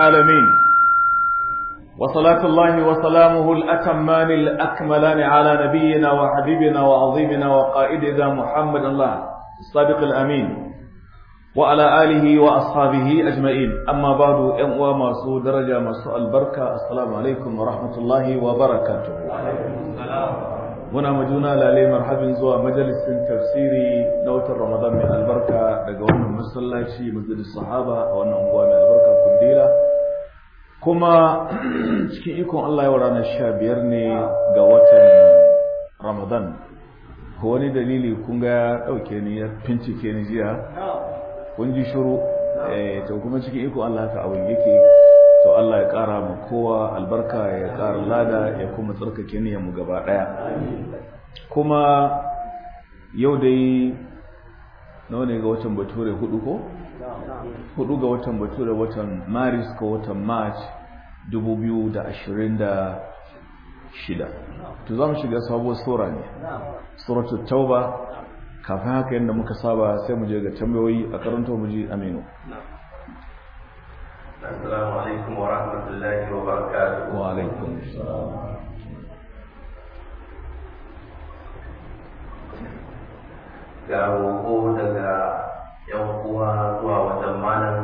العالمين وصلاة الله وسلامه الأتمان الأكملان على نبينا وحبيبنا وعظيمنا وقائد ذا محمد الله الصادق الأمين وعلى آله وأصحابه أجمعين أما بعد أم ومرسو درجة مرسو البركة السلام عليكم ورحمة الله وبركاته وعليكم السلام muna majuna lalai marhabin zuwa majalisin tafsiri na watan Ramadan mai albarka daga wannan masallaci majalis sahaba a wannan unguwa mai albarka kundila kuma cikin ikon Allah yau ranar sha biyar ne ga watan Ramadan ko wani dalili kun ga ya ɗauke ni ya fincike ni jiya kun ji shuru, eh, to kuma cikin ikon Allah ka abin yake to Allah ya ƙara ma kowa albarka ya ƙara lada ya kuma tsarkake ni ya mu gaba ɗaya kuma yau dai nawa ne ga watan bature hudu ko hudu ga watan bature watan maris ko watan march 2026 to za mu shiga sabuwar tsora ne suratul tauba kafin haka yadda muka saba sai mu je ga tambayoyi a karanta mu ji aminu assalamu alaikum wa rahmatullahi wa barakatuh wa ga roƙo daga yan uwa zuwa wajen malam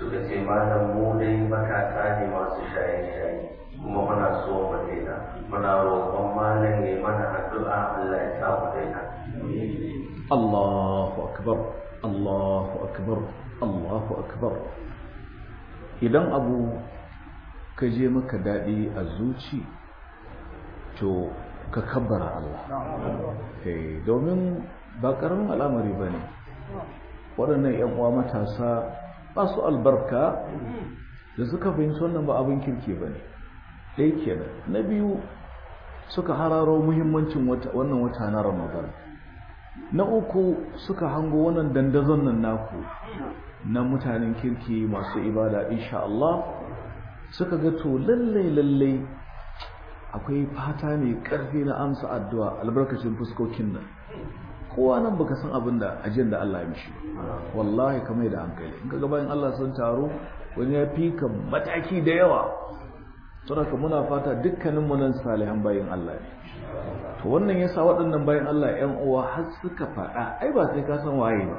suka ce malam mu dai matasa ne masu shaye-shaye kuma muna so mu daina muna roƙon malam ne mana addu'a Allah ya sa mu daina Allahu akbar Allahu akbar Allahu akbar idan abu ka je maka daɗi a zuci to ka kabbara Allah eh, domin ba ƙaramin al'amari ba ne waɗannan 'yan matasa ba su albarka da suka fahimci wannan ba abin kirki ba ne ɗaya kenan na biyu suka hararo muhimmancin wannan wata na ramadan na uku suka hango wannan dandazon nan naku na mutanen kirki masu ibada insha Allah suka ga to lallai lallai akwai fata ne ƙarfi na amsa addu'a albarkacin fuskokin nan kowa nan baka san abin da ajiyar da Allah ya mishi wallahi kamar da hankali in kaga bayan Allah sun taro wani ya fi ka mataki da yawa to haka muna fata dukkanin mu nan salihan bayan Allah ne to wannan yasa waɗannan bayan Allah ƴan uwa har suka faɗa ai ba sai ka san waye ba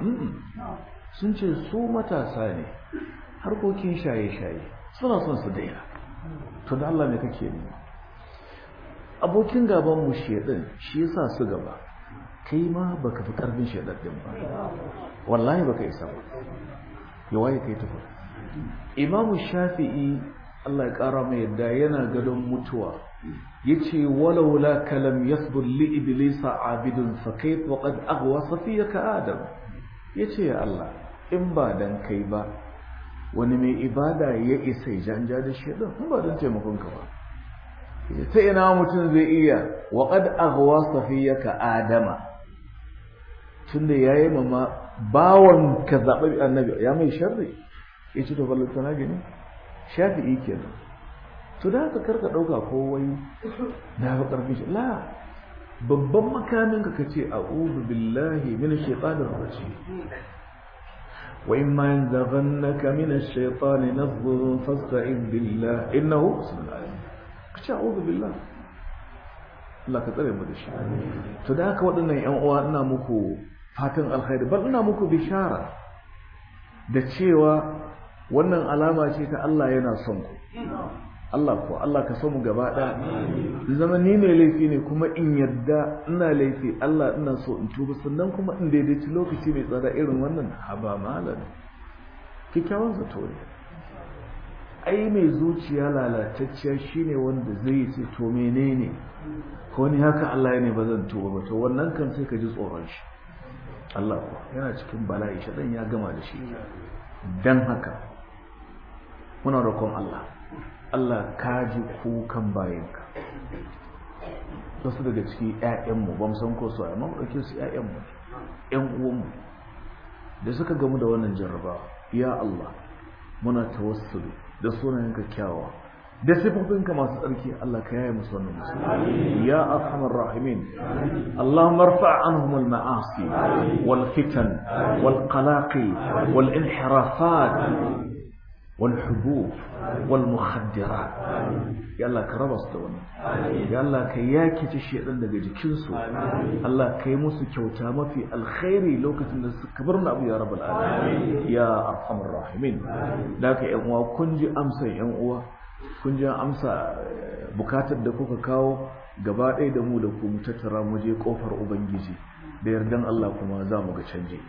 sun ce su matasa ne harkokin shaye-shaye suna son su daina to da Allah ne kake ni. abokin gaban mu shedin shi yasa su gaba kai ma baka fi karfin shedar din ba wallahi baka isa ba ya waye kai tafi imam shafi'i Allah ya kara mai yadda yana gadon mutuwa yace walau la kalam yasbur li iblisa abidun fa wa qad aghwa safiyaka adam yace ya Allah in ba dan kai ba wani mai ibada ya isa janja da shedan ba don taimakon ka ba ta ina mutum zai iya wa qad aghwa ka adama tunda yi mama bawon ka zabi annabi ya mai sharri yace to ballan tana gani shafi'i kenan to da haka karka ɗauka kowai na ga karfi shi la babban makamin ka kace Ubu billahi minash shaitanir rajim وإما ينزغنك na الشيطان نزغ فاستعذ بالله إنه بسم الله ka a'udhu billah Allah ka tsare mu da shi to da haka waɗannan ƴan uwa ina muku fatan alkhairi bal ina muku bishara da cewa wannan alama ce ta Allah yana son ku Allah ko Allah ka samu gaba ɗaya zama ni mai laifi ne kuma in yarda ina laifi Allah ina so in tuba sannan kuma in daidaici lokaci mai tsada irin wannan haba malam kikkiawan zato ne ai mai zuciya lalatacciya shine wanda zai yi ce to menene ko ni haka Allah ne ba zan tuba ba to wannan kan sai ka ji tsoron shi Allah yana cikin bala'i shi dan ya gama da shi dan haka muna roƙon Allah Allah ka ji kukan bayanka wasu daga ciki ƴaƴanmu ba mu san ko su amma mu ɗauke su ƴaƴanmu ƴan uwanmu da suka gamu da wannan jarraba ya Allah muna tawassuli da sunayenka kyawawa da sifofinka masu tsarki Allah ka yaye musu wannan musu ya arhamar rahimin Allah marfa anhum al ma'asi wal fitan wal qalaqi wal inhirafat والحبوب والمخدرات يلا الله دون يلا الله كياكي تشيئن لك جكنسو الله كيموس كوتام في الخير لو كتن سكبرنا أبو يا رب العالمين يا أرحم الراحمين لك إنوا كنجي أمسا إنوا كنجي أمسا بكاتب دكوكا كاو gaba ɗaya da mu da ku tattara mu je ƙofar ubangiji da yardan Allah kuma za mu ga canje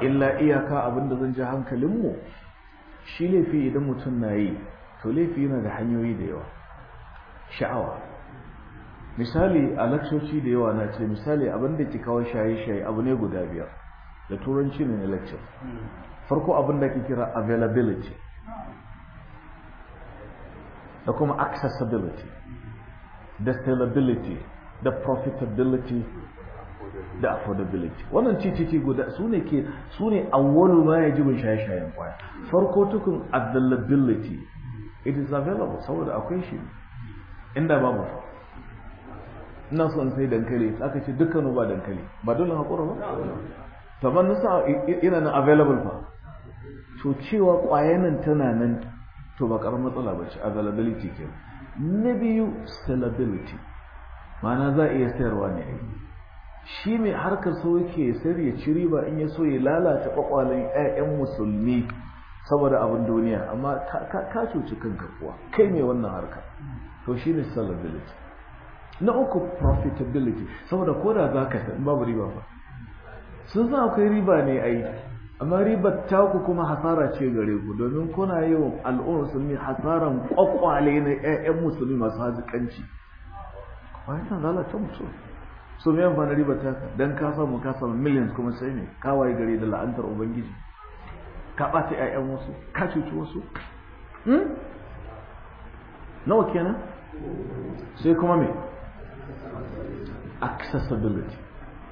illa iyaka abinda zan ji hankalinmu shi laifi idan mutum na yi to laifi yana da hanyoyi da yawa sha'awa misali a lakcoci da yawa na ce misali abinda da ke kawo shaye-shaye abu ne guda biyar da turanci ne na lakcin farko abin da ke kira availability da kuma accessibility da salability da profitability da affordability wannan titi guda su ne ke su ne awwalu ma yajibin shaye-shayen kwaya farko tukun availability it is available saboda akwai shi inda babu ina so in sai dankali aka ce dukkanu ba dankali ba dole hakura ba to ban nasa ina na available fa to cewa kwayanan tana nan to ba karamar matsala ba ce availability ke na biyu sellability ma'ana za a iya sayarwa ne shi mai harkar so yake sai ya ci riba in ya so ya lalata kwakwalen 'ya'yan musulmi saboda abin duniya amma ka cuci kanka kuwa kai mai wannan harka to shi ne salability na uku profitability saboda ko da za ka babu riba ba sun san akwai riba ne ai amma ribar ku kuma hasara ce gare ku domin kuna yi wa al'ummar musulmi hasaran kwakwale na 'ya'yan musulmi masu hazikanci ba ya san lalata musulmi so me amfani riba ta don ka samu ka samu millions kuma sai ne ka waye gari da la'antar ubangiji ka ɓata ƴaƴan wasu ka cuci wasu hmm? nawa kenan sai kuma me accessibility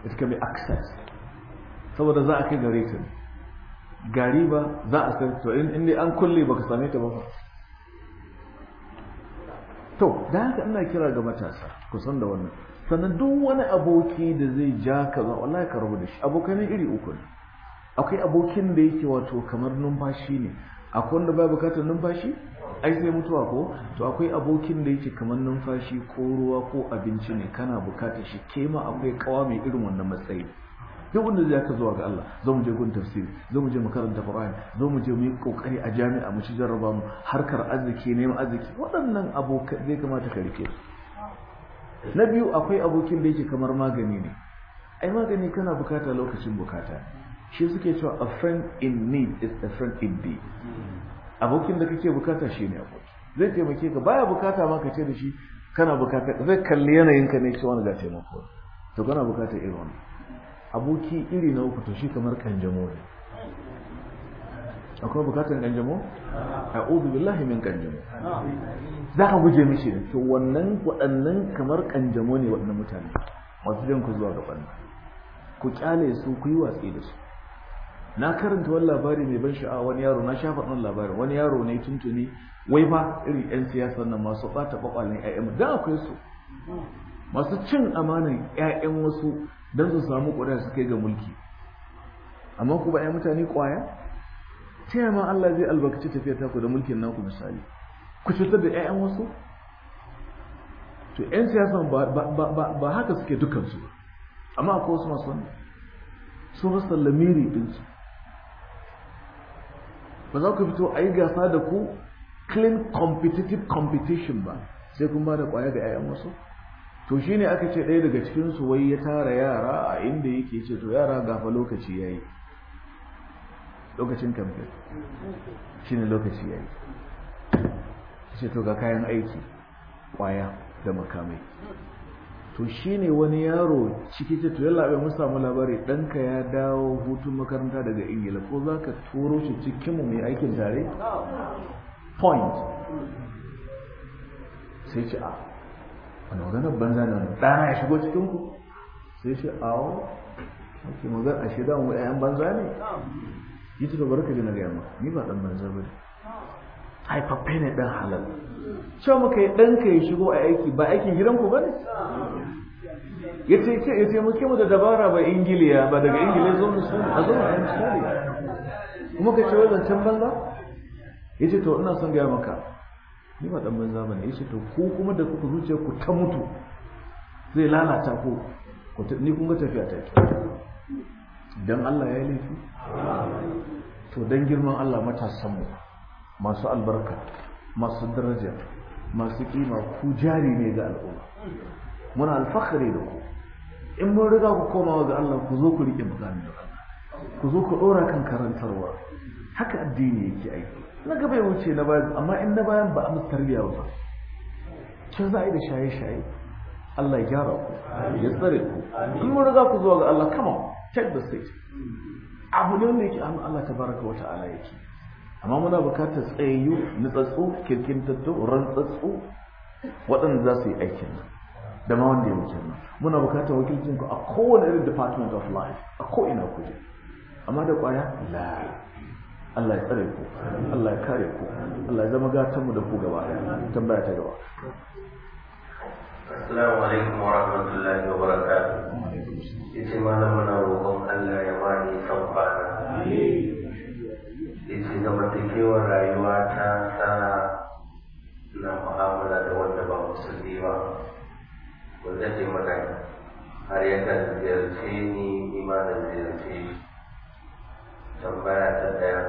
it can be access saboda za a kai gare ta ne gari ba za a san to in dai an kulle baka same ta ba fa to da haka ina kira ga matasa ku san da wannan sannan duk wani aboki da zai ja ka zan wallahi ka rabu da shi abokai ne iri uku ne akwai abokin da yake wato kamar numfashi ne akwai wanda bai bukatar numfashi ai sai mutuwa ko to akwai abokin da yake kamar numfashi ko ruwa ko abinci ne kana bukatar shi ma akwai kawa mai irin wannan matsayi duk wanda zai ka zuwa ga Allah zan mu je gun tafsiri zan mu je mu karanta Qur'ani zo mu je mu yi kokari a jami'a mu ci jarraba mu harkar arziki neman arziki waɗannan abokai zai kamata ka rike su na biyu akwai abokin da yake kamar magani ne ai magani kana bukata lokacin bukata shi suke cewa a friend in need is a friend in need abokin da kake bukata shi ne aboki zai taimake ka baya bukata ma ka ce da shi kana bukata zai kalli yanayinka ne shi wani ga taimako to kana bukata irin wani aboki iri na uku to shi kamar kanjamo ne akwai bukatan a a'udhu billahi min ganjamo za ka guje mishi ne to wannan waɗannan kamar ganjamo ne waɗannan mutane wasu jan ku zuwa ga ɓanna ku kyale su ku yi watsi da su na karanta wani labari mai ban sha'awa wani yaro na shafa ɗan labarin wani yaro ne tuntuni wai ba irin 'yan siyasar nan masu ɓata ƴaƴan mu. da akwai su masu cin amanin ƴaƴan wasu don su samu ƙuri'a su kai ga mulki amma ku ba 'yan mutane ƙwaya ta ma Allah zai albarkaci tafiya ku da mulkin naku misali ku cutar da 'ya'yan wasu to 'yan siyasa ba haka suke dukansu ba amma akwai wasu masu wannan su su lamiri dinsu. ba za ku fito a yi gasa da ku clean competitive competition ba sai kun ba da ƙwaya ga 'ya'yan wasu to shine aka ce ɗaya daga cikinsu wai ya tara yara a inda yake ce to yara gafa lokaci ya yi lokacin kamfe shi ne lokaci ya yi ce to ga kayan aiki kwaya da makamai to shi ne wani yaro ciki ce to yalla mun samu labari ɗanka ya dawo hutun makaranta daga ingila ko za ka turo shi cikinmu mai aikin tare point sai ce a wani maganar banza na ɗana ya shigo cikinku sai ce wani ake magana a shida mu 'ya'yan banza ne shi suka bar ka na gaya ma ni ba dan banza ba haifaffe ne dan halal cewa muka yi ɗanka ya shigo a aiki ba aikin ku ba ne ya ce ce ya taimake mu da dabara ba ingiliya ba daga ingiliya zo musulmi a zo a misali kuma ka ce wajen can banza ya ce to ina son gaya maka ni ba dan banza ba ne ya ce to ko kuma da kuka zuciya ku ta mutu zai lalata ko ni kun ga tafiya ta ki dan Allah ya yi laifi to don girman Allah matasanmu masu albarka masu daraja masu kima ku jari ne ga al'umma muna alfahari da ku in mun riga ku komawa ga Allah ku zo ku rike mukami da ku zo ku dora kan karantarwa haka addini yake aiki na gaba ya wuce na bayan amma in na bayan ba a musu tarbiyya ba kin za a yi da shaye-shaye Allah ya gyara ku ya tsare ku in mun riga ku zuwa ga Allah kama take the stage abu ne wanda yake hannun Allah tabaraka wa ta'ala yake amma muna bukatar tsayayyu nutsatsu kirkintattu rantsatsu waɗanda za su yi aikin nan da ma wanda ya wuce nan muna bukatar wakilcin ku a kowane irin department of life a ko ina ku je amma da kwaya la Allah ya tsare ku Allah ya kare ku Allah ya zama gatan mu da ku gaba tambaya ta gaba assalamu alaikum wa rahmatullahi yace mana muna roƙon Allah ya ba ni son kwana yace zamantakewar rayuwa ta sa na mu'amala da wanda ba musulmi ba wanda ke magana har yakan ziyarce ni imanin ziyarce tambaya ta ɗaya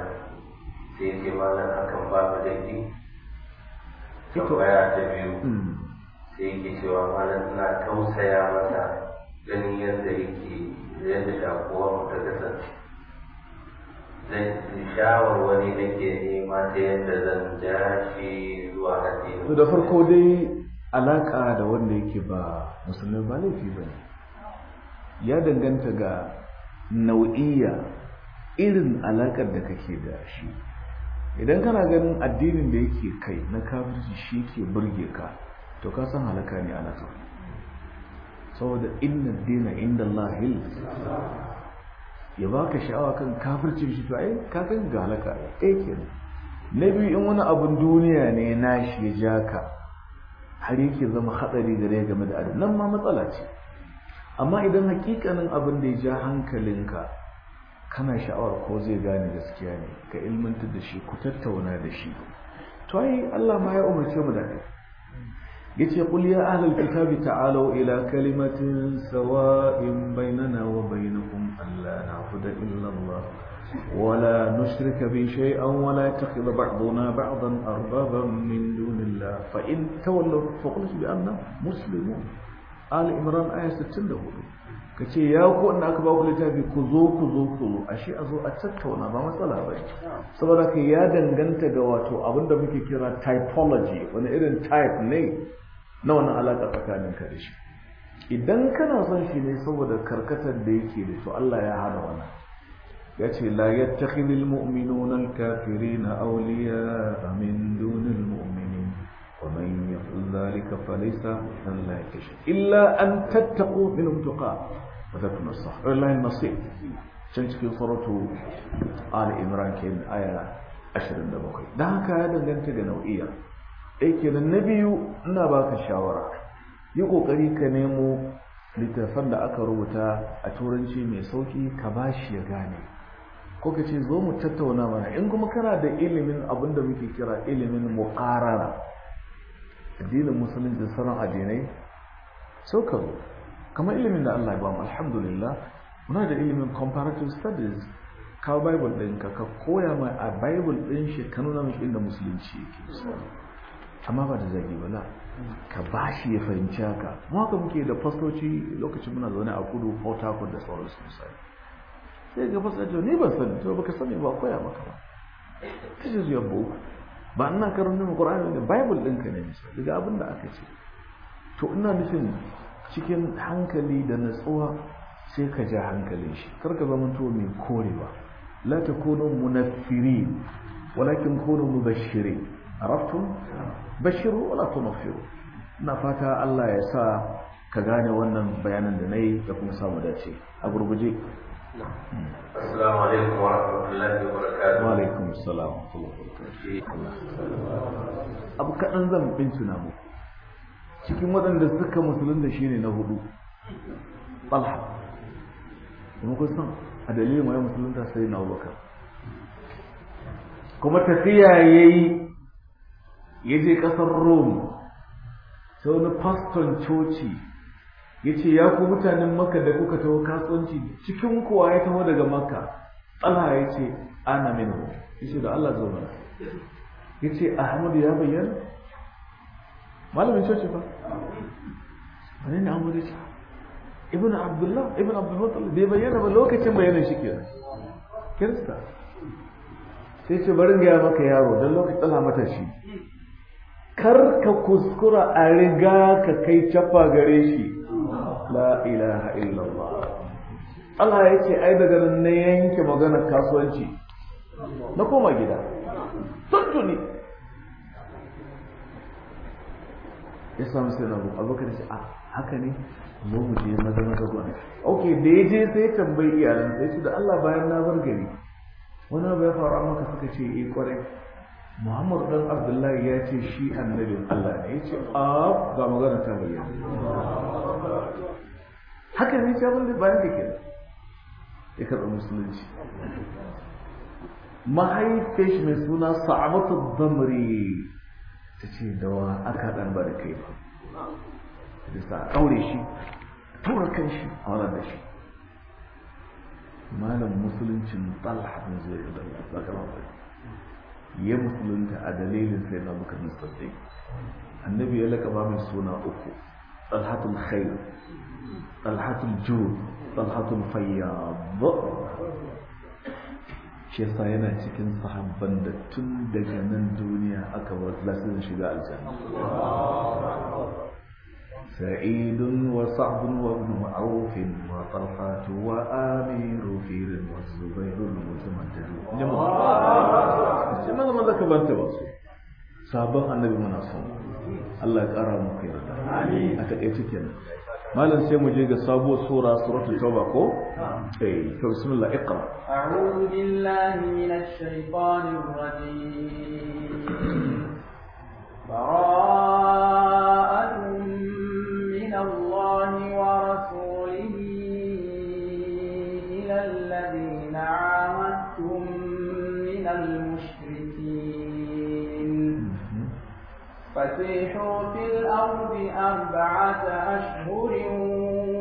sai ke malam hakan babu laifi tambaya ta biyu hmm. sai ke cewa malam ina tausaya mata ganin yadda yake yadda shakuwar mu ta kasance zan shawarwari nake nema ta yadda zan ja shi zuwa hati to da farko dai alaka da wanda yake ba musulmi ba laifi ba ne ya danganta ga nau'iya irin alakar da kake da shi idan kana ganin addinin da yake kai na kafirci shi ke burge ka to ka san halaka ne a nasarar saboda inna dina inda lahil ya ba ka sha'awa kan kafircin shi to ai ka ga halaka eh, kenan na biyu in wani abin duniya ne na shi ja ka har yake zama hatsari gare game da adam nan ma matsala ce amma idan hakikanin abin da ya ja hankalinka kana sha'awar ko zai gane gaskiya ne ka ilmantar da shi ku tattauna da shi to ai Allah ma ya umarce mu da kai yace qul ya ahlal kitabi ta'alu ila kalimatin sawa'in bainana wa bainakum alla na'budu illa Allah ولا نشرك به شيئا ولا يتخذ بعضنا بعضا أربابا من دون الله فإن تولوا فقلت بأننا مسلمون آل إمران آية 64 ka ce ya ku wanda aka baku littafi ku zo ku zo ku ashe a zo a tattauna ba matsala ba saboda ka ya danganta ga wato abinda muke kira typology wani irin type ne na wani alaƙa tsakanin ka da shi idan kana son shi ne saboda karkatar da yake da su Allah ya hana wannan ya ce la yattakhidul mu'minuna al kafirin awliya min dunil mu'minin wa man yaqul dhalika falaysa min la illa an tattaqu minhum tuqa wa takunu as-sahih wallahi can cikin suratu al-imran kin aya 27 dan haka ya danganta da nau'iya yake kenan na biyu ina baka shawara yi ƙoƙari ka nemo littattafan da aka rubuta a turanci mai sauki ka ba shi ya gane ko ka ce zo mu tattauna mana in kuma kana da ilimin abin da muke kira ilimin muƙarara addinin musulunci da sauran addinai sau ka zo kamar ilimin da Allah ya ba mu alhamdulillah muna da ilimin comparative studies ka bible ɗinka ka koya mai a bible ɗin shi ka nuna mishi inda musulunci yake amma ba da zagi ba ka ba shi ya fahimci haka mu haka muke da fastoci lokacin muna zaune a kudu port harcourt da sauran su sai ga fastoci ni ban sani to baka sani ba koya maka ba this zuwa bo ba ina karanta mu qur'ani ne bible ka ne misali daga abin da aka ce to ina nufin cikin hankali da natsuwa sai ka ja hankalin shi kar ka zama to mai korewa la takunu munaffirin walakin kunu mubashirin عرفتم bashiru wala tunfiru na fata Allah ya sa ka gane wannan bayanan da nayi da kuma samu dace a gurguje assalamu alaikum wa rahmatullahi wa barakatuh wa alaikum assalam wa rahmatullahi wa barakatuh abu kaɗan zan bincina mu cikin waɗanda suka musulun da ne na hudu talha kuma kun san a dalilin wani musulunta sai na abubakar kuma tafiya ya yi. ya je ƙasar rome sai wani faston coci ya ce ya ku mutanen maka da kuka taho kasuwanci cikin kowa ya taho daga maka Allah ya ce ana minu ya ce da Allah zo mana ya ce ahmadu ya bayyana malamin coci ba wani ne ahmadu ce ibn abdullah ibn abdullah bai bayyana ba lokacin bayanan shi kenan kirista sai ce barin gaya maka yaro don lokacin tsala mata shi kar ka kuskura a riga ka kai cafa gare shi la ilaha illallah Allah ya ce ai daga nan na yanke maganar kasuwanci na koma gida tuntuni ya samu sai na abokan shi a haka ne mu mu je maza ga gwan ok da ya je sai tambayi iyalan sai su da Allah bayan na bar gari wani abu ya faru maka suka ce eh kwarai Muhammad dan Abdullahi ya ce shi annabin Allah ne yace a ba magana ta bayyana haka ne ce abin da bayan da ke ya karɓi musulunci mahaifiyar shi mai suna sa'amatu damri ta ce da wa aka ɗan bari kai ba da sa ɗaure shi tura kan shi a wannan da shi malam musuluncin talha bin zai da ya zaka ba ya musulunta a dalilin sai na muka musulunta annabi ya laka mai suna uku talhatul khair talhatul jud talhatul fayyab shi yasa yana cikin sahabban da tun daga nan duniya aka wasu lasirin shiga aljanna سعيد وصعب وابن عوف وطلحة وآمير فيل والزبير المتمدد جماعة شنو ما ذاك بنت واسو sabon annabi muna son Allah ya ƙara mu kai a taƙaice kenan malam sai mu je ga sabuwar sura suratul tauba ko eh to bismillah iqra a'udhu فسيحوا في الأرض أربعة أشهر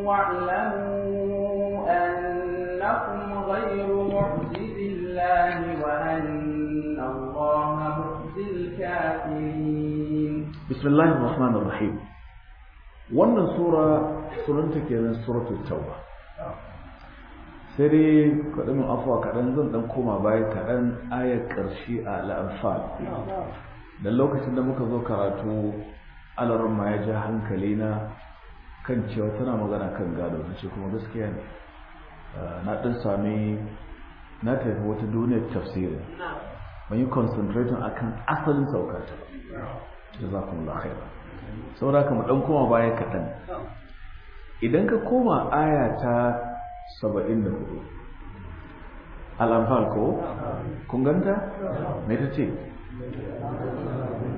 واعلموا أنكم غير محزد الله وأن الله محز الكافرين بسم الله الرحمن الرحيم وانا سورة سورة كذلك يعني سورة التوبة sare kadan afwa kadan zan dan koma baya kadan ayar karshe a al-anfal da lokacin da muka zo karatu ma ya ja hankali na kan cewa tana magana kan gado na ce kuma gaskiya ne eh, na ɗin sami na tafi wata duniyar tafsiri Mun yi concentrating akan asalin saukata da za ku mula khaira saboda ka mu ɗan koma baya kaɗan idan ka koma aya ta saba'in da hudu al'amfal ko kun ganta me ta ce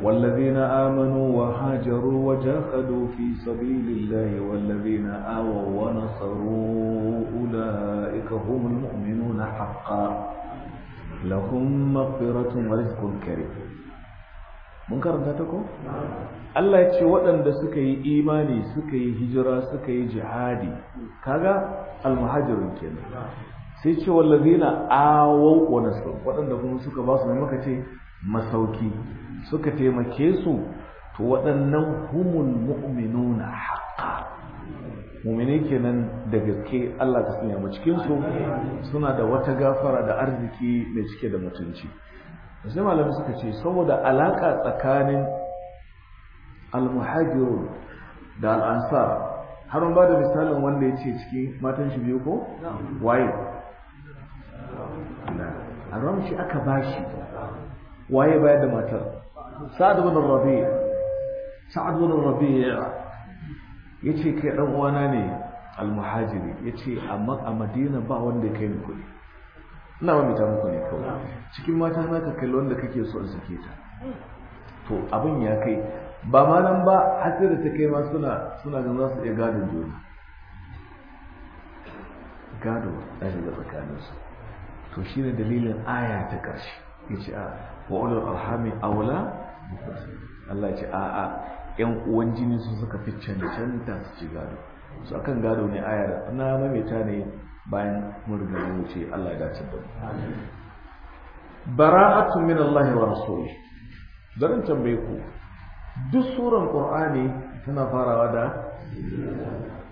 والذين آمنوا وهاجروا وجاهدوا في سبيل الله والذين آووا ونصروا أولئك هم المؤمنون حقا لهم مغفرة ورزق كريم mun karanta ta ko? Allah ya ce waɗanda suka yi imani suka yi hijira suka yi jihadi kaga almuhajirin kenan sai ce wallazina awau wa nasr waɗanda kuma suka ba su ne muka ce masauki suka taimake su to waɗannan humul mu'minuna Muminai mu'mini kenan da gaske Allah ka sanya mu cikin su suna da wata gafara da arziki mai cike da mutunci sai malamai suka ce saboda alaka tsakanin al-muhajirun da al-ansar har ba da misalin wanda ya ce ciki matan shi biyu ko waye a shi aka bashi waye bayar da matar sa'ad ibn rabi' sa'ad ibn rabi' yace kai dan uwana ne almuhajiri yace amma a Madina ba wanda kai ni kuɗi ina wani ta muku ne kawai cikin mata na ka kalli wanda kake so in sake ta to abin ya kai ba ma nan ba har da ta kai ma suna suna ganin za su iya gadon juna gado na daga tsakaninsu to shi ne dalilin aya ta ƙarshe ya a wa ulul arhami aula Allah ya ce a'a yan uwan jini su suka fi cancanta su ci gado su akan gado ne ayar na maimaita ne bayan mun riga wuce Allah ya dace da mu bara'atu min Allah wa rasuli zan tambaye ku duk suran Qur'ani tana farawa da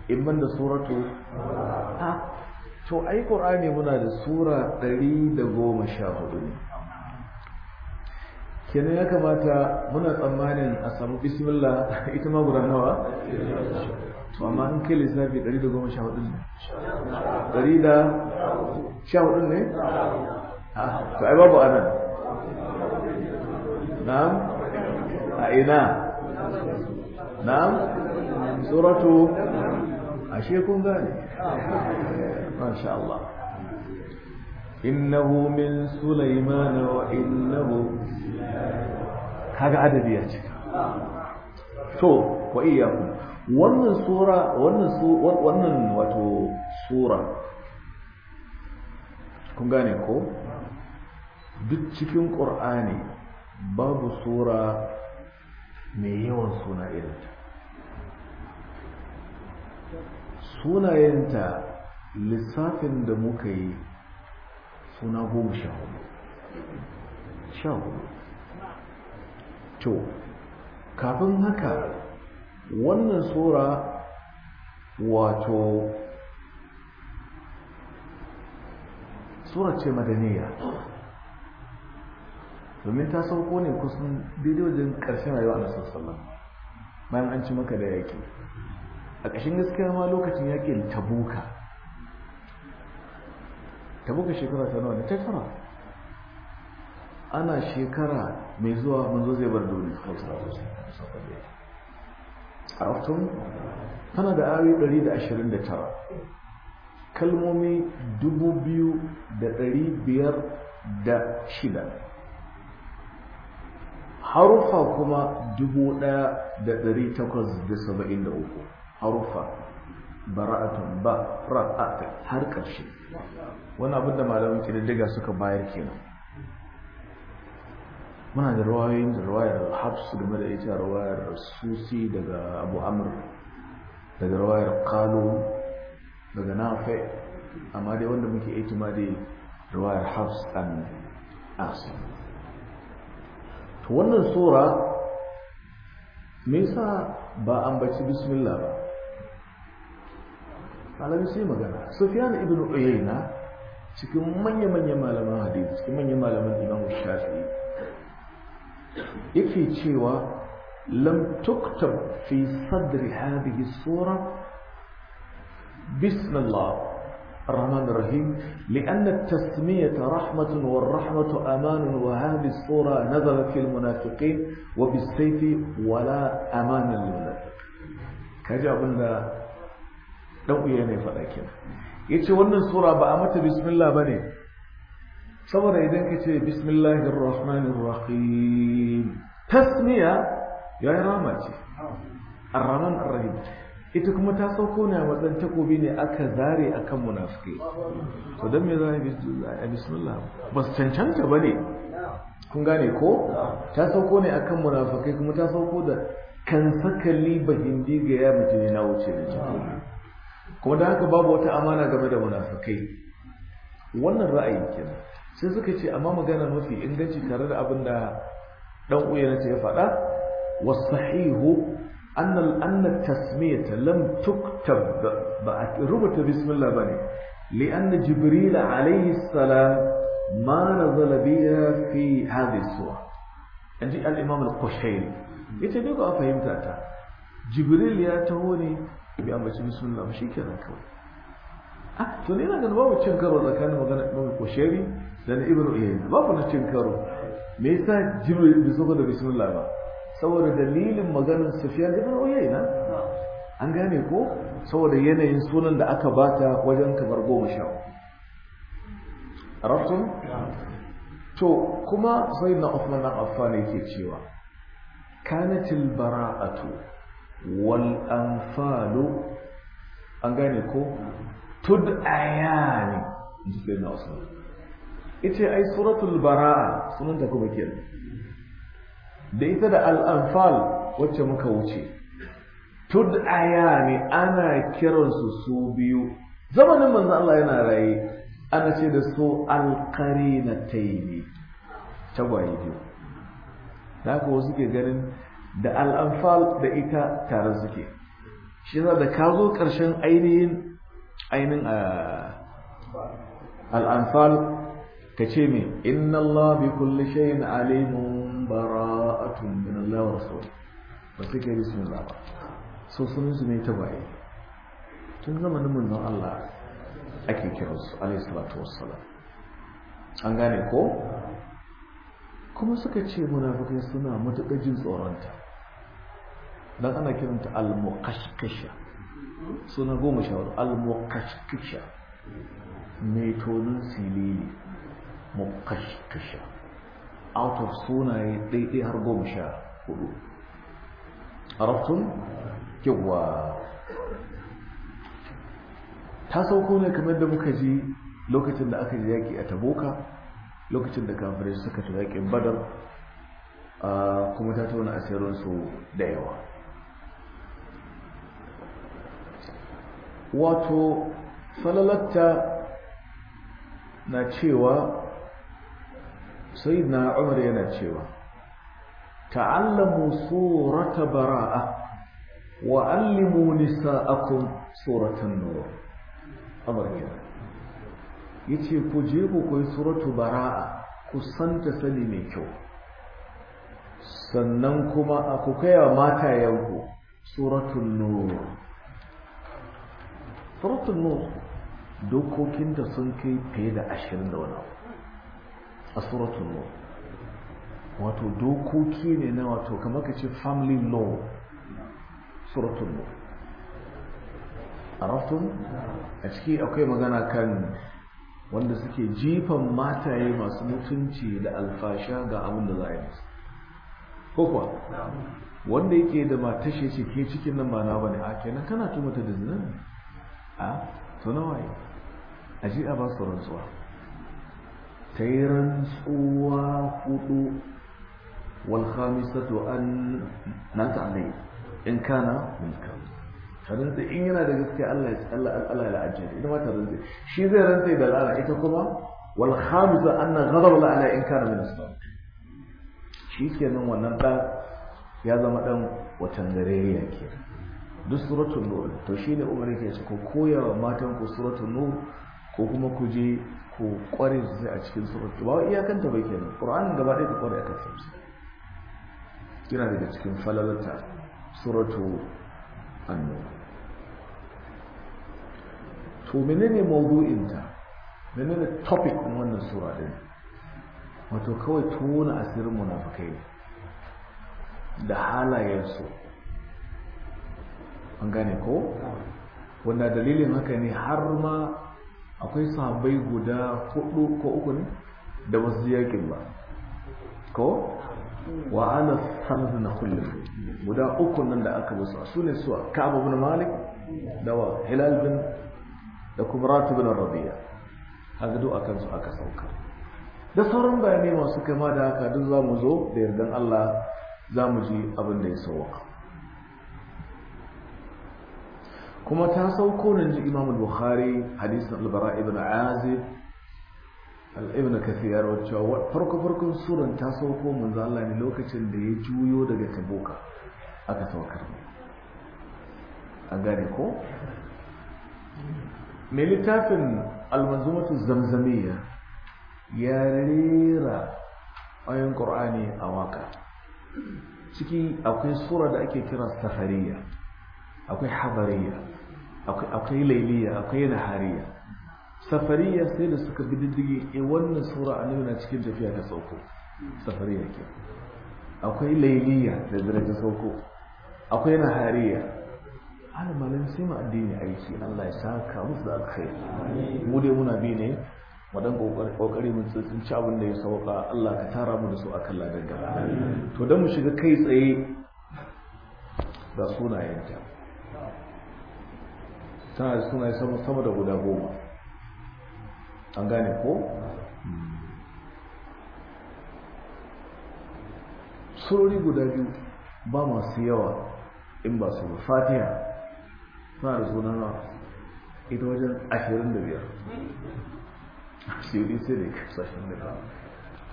imman da suratu ha ah, to ai Qur'ani muna da sura 114 ne kenan ya kamata muna tsammanin a samu bismillah ita ma guda nawa to amma an kai lissafi 114 ne 114 ne ah, to ai babu anan na'am a ina na'am suratu ashe kun gane masha Allah innahu min sulaiman wa innahu kaga adadi ya cika to wa iyyakum wannan sura wannan wannan wato sura kun gane ko duk cikin qur'ani babu sura mai yawan suna irinta sunayenta lissafin da muka yi suna goma sha sha hudu to kafin haka wannan tsora wato tsora ce madaniya domin ta sauko ne kusan bidiyojin wajen ƙarshen rayuwa na sassallan bayan an ci maka da yaƙi a ƙashin gaskiya ma lokacin yaƙin tabuka ta buga shekara ta nawa ne ta tara ana shekara mai zuwa manzo zai bar duniya ko sai a rafton tana da ayoyi 129 kalmomi 2,506 harufa kuma 1,873 harufa bara'atun ba ra'a har ƙarshe wani abin da malamin ƙididdiga suka bayar kenan muna da rawayoyin da rawayar habs game da ita rawayar susi daga abu amur daga rawayar kano daga nafe amma dai wanda muke aiki ma dai rawayar habs an asu to wannan tsora me yasa ba ambaci bismillah ba malami sai magana sufyan ibn uyayna cikin manya-manyan malaman hadisi cikin manyan malaman imam shafi'i yake cewa lam tuktab fi sadri hadhihi sura bismillah الرحمن الرحيم لأن التسمية رحمة والرحمة أمان وهذه الصورة نزلت في المنافقين وبالسيف ولا أمان للمنافق كجابنا dan uya ne faɗa kenan yace wannan sura ba a mata bismillah bane saboda idan ka ce bismillahir rahmanir rahim tasmiya ya rama ce arraman arrahim ita kuma ta sauko ne a matsayin takobi ne aka zare akan munafiki to dan me za a bismillah ba su cancanta ba ne kun gane ko ta sauko ne akan munafikai kuma ta sauko da kan sakali bahindi ga ya mutune na wuce da takobi kuma da haka babu wata amana game da munafakai. wannan ra'ayi kenan sai suka ce amma magana mafi inganci tare da abin da dan uya na ya faɗa wasahihu annal anna tasmiyata lam tuktab ba a rubuta bismillah bane li'anna jibril alayhi salam ma nazala biha fi hadhihi sura anji al-imam al-qushayri yace ne ba fahimta ta jibril ya taho ne bai ambaci bismillah ba kenan kawai ah to ni na ganin babu cin karo tsakanin magana ibn kushayri da na ibn uyayna babu na cin karo me yasa jibril bai zo da bismillah ba saboda dalilin maganar sufyan ibn uyayna an gane ko saboda yanayin sunan da aka bata wajen kamar goma sha Rabtun? To, kuma sai na Uthman Affan yake cewa, Kanatil bara'atu wal anfalu an gane ko tud in ji sai na usman ita ai suratul bara'a sunan ta kuma kenan da ita da al anfal wacce muka wuce ne ana kiransu su biyu zamanin manzo Allah yana raye ana ce da su al qarinataini tagwaye biyu da haka wasu ke ganin da al'amfal da ita tare suke shi za da ka zo ƙarshen ainihin ainihin al'amfal ka ce mai inna Allah bi kulli shayin alimun bara'atun min Allah wa rasul ba su kai bismillah ba so sun su ne ta baye tun zamanin nuna Allah ake kira su alayhi salatu wassalam an gane ko kuma suka ce munafikai suna matuƙar jin tsoronta dan ana kiranta al-muqashqisha suna goma sha hudu al-muqashqisha mai tonin silili muqashqisha out of sunaye daidai har goma sha hudu arabtun yawa ta sauko ne kamar da muka ji lokacin da aka ji yaƙi a taboka lokacin da kafirai suka ta yaƙin badar kuma ta tona asirinsu da yawa wato falalatta na cewa na umar yana cewa ta'allamu surata bara'a wa allimu nisa'akum suratan nur umar Ya yace ku je ku koyi suratu bara'a ku san ta sani mai kyau sannan kuma ku mata matayenku suratul nur suratul nur dokokinta sun kai fiye da ashirin da wani a suratul nur wato dokoki ne na wato kamar ka ce family law suratul nur arafton a ciki akwai magana kan wanda suke jifan mataye masu mutunci da alfasha ga abin da za a yi ko kuwa wanda yake da matashe ce ke cikin nan ba na bane a kenan kana tumata da zina a to nawa yi a ji a ba su rantsuwa ta yi rantsuwa hudu wal khamisatu an nan ta annai in kana min kana ta rantsa in yana da gaske Allah ya Allah Allah ya ajiyar ita ma ta rantsa shi zai rantsa da lana ita kuma wal khamisa anna ghadab la ala in kana min as shi nan wannan da ya zama dan watan gareriya kenan duk suratun nur to ne umar yake ce ko koyawa matan ku suratun nur ko kuma ku je ku kware su a cikin suratun ba iyakan ta bai kenan gaba ɗaya ku kware a sa kira daga cikin falalata suratun annu to menene mawdu'in ta menene topic din wannan sura wato kawai tona asirin munafikai da halayensu an gane ko wanda dalilin haka ne har ma akwai sahabai guda hudu ko uku ne da ba su yakin ba ko wa ana na kullum guda uku nan da aka musu su ne suwa ka'ab ibn malik da wa hilal bin da ratu bin rabiya a gado a kansu aka sauka da sauran bayanai masu kama da haka duk za mu zo da yardan Allah za mu ji abin da ya sauka kuma ta sauko nan ji imam bukhari hadisin al-bara ibn azib al-ibn kathir wacce farko farkon suran ta sauko manzo Allah ne lokacin da ya juyo daga Taboka aka saukar a gane ko Me littafin al-manzumatu zamzamiyya ya rera ayoyin qur'ani a waka ciki akwai sura da ake kira safariya akwai habariya akwai lailiya akwai nahariya safariya sai da suka bi diddigi a eh, wannan sura a nuna cikin tafiya ta sauko safariya ke akwai lailiya da daraja sauko akwai nahariya ana malam sai mu addini aiki Allah ya saka musu da alkhairi mu dai muna bi ne wadan kokari mun ci abin da ya sauka Allah ka tara mu da su akan ladan gaba to dan mu shiga kai tsaye da sunayenta tana suna samun sama da guda goma an gane ko surori guda biyu ba masu yawa in ba su fatiha suna da suna na ita wajen ashirin da biyar ashirin sai da kasashen da ba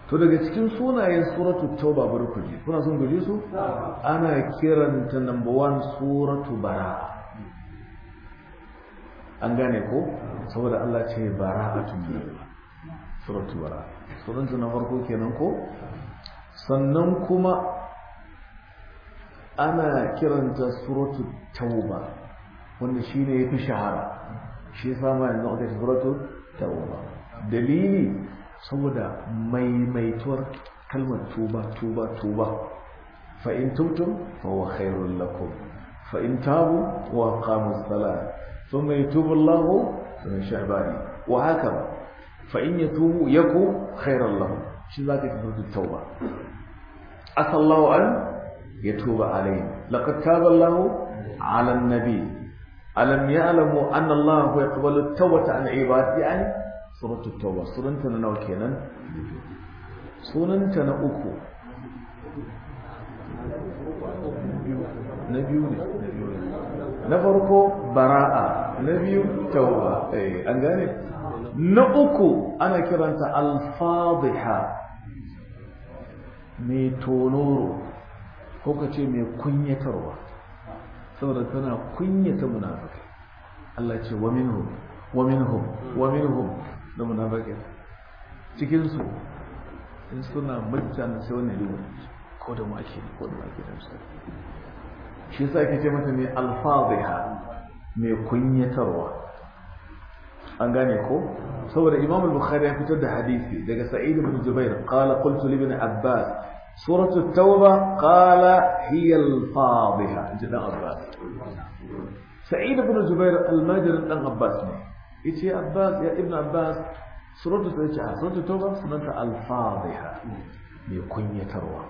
to daga cikin sunayen suratu tauba bari ku kuna son guje su ana kiranta number one suratu bara an gane ko saboda Allah ce a min suratu bara suratu na farko kenan ko sannan kuma ana kiranta suratu tauba wanda shine yafi shahara shi sama yanzu yanzu aka suratu tauba dalili saboda maimaituwar kalmar tuba tuba tuba fa in tubtum fa huwa khairul lakum fa in tabu wa aqamu salat thumma yatubu Allahu min sha'bani wa haka fa in yatubu yaku khairan lahum shi ka yi suratul tauba asallahu an ya tuba laqad taba Allahu ala an-nabi alam ya ya'lamu anna Allah yaqbalu at-tawbata an 'ibadihi suratul tauba sunanta na nawa kenan sunanta na uku na biyu ne na farko bara'a na biyu eh, an gane na uku ana kiranta al mai tonoro ko ka ce mai kunyatarwa saboda tana kunyata munafikai Allah ce wa minhum wa minhum wa minhum da munafakai cikin su in suna mutane sai wannan yiwu ko da maki ko da maki da su shi yasa ake ce mata mai alfaziha mai kunyatarwa an gane ko saboda imam al-bukhari ya fitar da hadisi daga sa'id ibn jubair qala qultu li ibn abbas suratu tauba qala hiya al-fadhiha jidan abbas sa'id ibn jubair al-majr dan abbas ne yace ya Abbas ya Ibn Abbas suratul sai ce a, suratul tauba sunanta al-fadhiha mai kunyatarwa